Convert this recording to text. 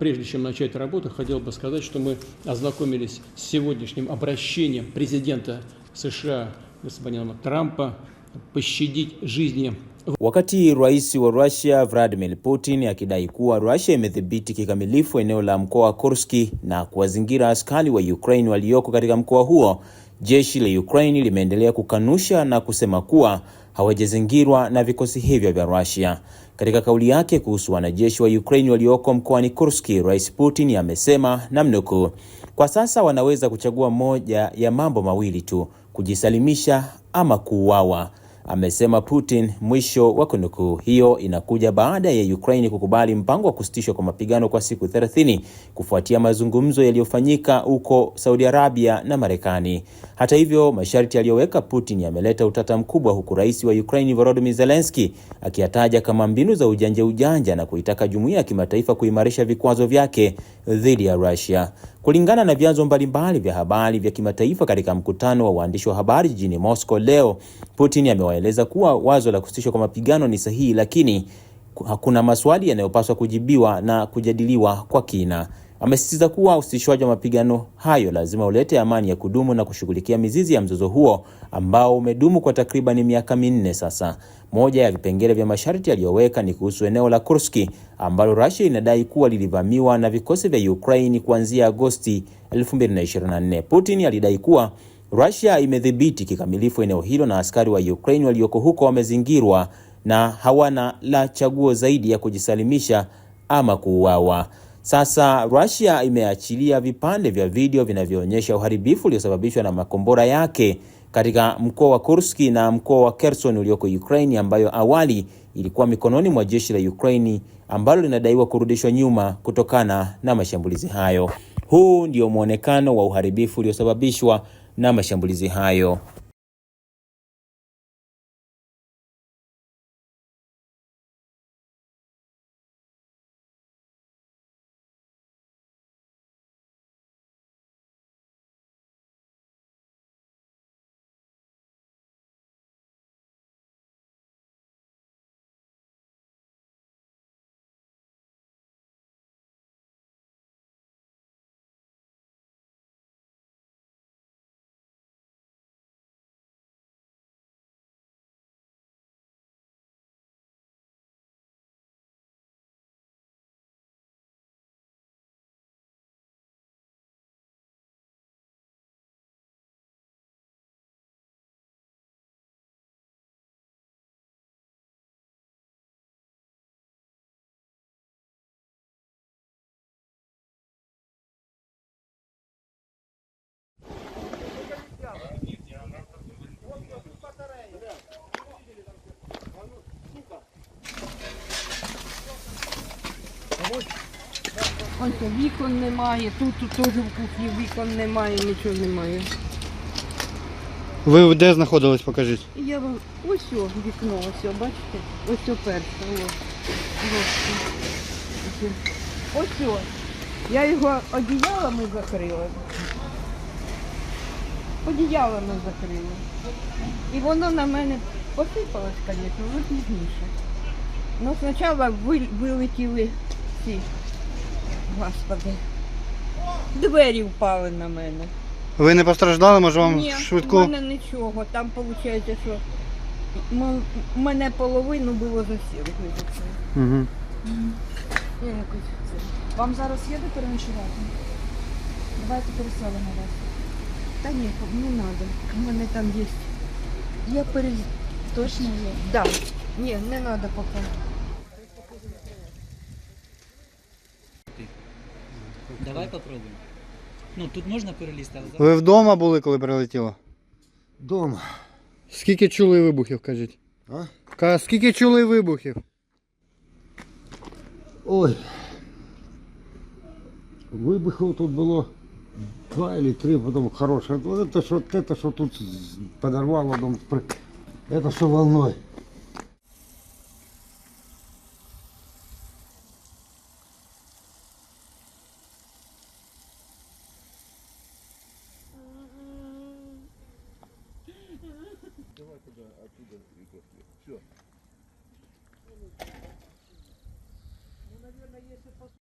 прежде чем начать работу, хотел бы сказать, что мы ознакомились с сегодняшним обращением президента США господина Трампа пощадить жизни Wakati rais wa Russia Vladimir Putin akidai kuwa Russia imedhibiti kikamilifu eneo la mkoa wa Kursk na kuwazingira askari wa Ukraine walioko katika mkoa huo, jeshi la Ukraine limeendelea kukanusha na kusema kuwa hawajazingirwa na vikosi hivyo vya Russia. Katika kauli yake kuhusu wanajeshi wa Ukraine walioko mkoani Kursk, Rais Putin amesema namnukuu, kwa sasa wanaweza kuchagua moja ya mambo mawili tu, kujisalimisha ama kuuawa amesema Putin, mwisho wa kunukuu. Hiyo inakuja baada ya Ukraine kukubali mpango wa kusitishwa kwa mapigano kwa siku 30 kufuatia mazungumzo yaliyofanyika huko Saudi Arabia na Marekani. Hata hivyo, masharti aliyoweka Putin yameleta utata mkubwa, huku rais wa Ukraine Volodymyr Zelensky akiyataja kama mbinu za ujanja ujanja na kuitaka jumuiya ya kimataifa kuimarisha vikwazo vyake dhidi ya Russia. Kulingana na vyanzo mbalimbali vya habari vya kimataifa, katika mkutano wa waandishi wa habari jijini Moscow leo, Putin amewaeleza kuwa wazo la kusitishwa kwa mapigano ni sahihi, lakini hakuna maswali yanayopaswa kujibiwa na kujadiliwa kwa kina. Wamesisitiza kuwa usitishwaji wa mapigano hayo lazima ulete amani ya kudumu na kushughulikia mizizi ya mzozo huo ambao umedumu kwa takriban miaka minne sasa. Moja ya vipengele vya masharti yaliyoweka ni kuhusu eneo la Kursk ambalo Russia inadai kuwa lilivamiwa na vikosi vya Ukraine kuanzia Agosti 2024. Putin alidai kuwa Russia imedhibiti kikamilifu eneo hilo na askari wa Ukraine walioko huko wamezingirwa na hawana la chaguo zaidi ya kujisalimisha ama kuuawa. Sasa Russia imeachilia vipande vya video vinavyoonyesha uharibifu uliosababishwa na makombora yake katika mkoa wa Kursk na mkoa wa Kherson ulioko Ukraine, ambayo awali ilikuwa mikononi mwa jeshi la Ukraine ambalo linadaiwa kurudishwa nyuma kutokana na mashambulizi hayo. Huu ndio mwonekano wa uharibifu uliosababishwa na mashambulizi hayo. Ось вікон немає, тут, тут теж в кухні вікон немає, нічого немає. Ви де знаходились, покажіть? Я вам ось о, вікно, ось, о, бачите? Ось о перше. Ось. Ось. о. Я його одіялами закрила. Одіялами закрила. І воно на мене посипалось, звісно, але пізніше. Ну спочатку вилетіли ці. Господи. Двері впали на мене. Ви не постраждали, може вам Ні, швидко? в мене нічого. Там виходить, що м- мене половину було засіло. Угу. Вам зараз є де переночувати? Давайте переселимо вас. Та ні, не треба. У мене там є. Я перез... Точно є? Да. Ні, не треба поки. Давай попробуем. Ну тут можно перелізти, але Ви вдома були, коли прилетіло? Дома. Скільки чули вибухів, кажіть? А? Ка- чули вибухів? Ой. Вибухів тут було два или три, потом хорошие. Вот ну, это что, это что тут подорвало, потом это что волной. Давай туда, оттуда рекордки. Все. Ну, наверное, если